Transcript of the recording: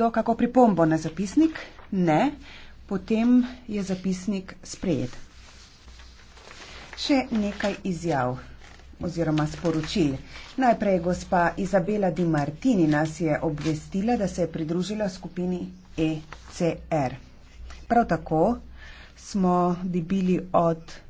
kdo kako pripombo na zapisnik? Ne, potem je zapisnik sprejet. Še nekaj izjav oziroma sporočil. Najprej gospa Izabela Di Martini nas je obvestila, da se je pridružila skupini ECR. Prav tako smo dobili od.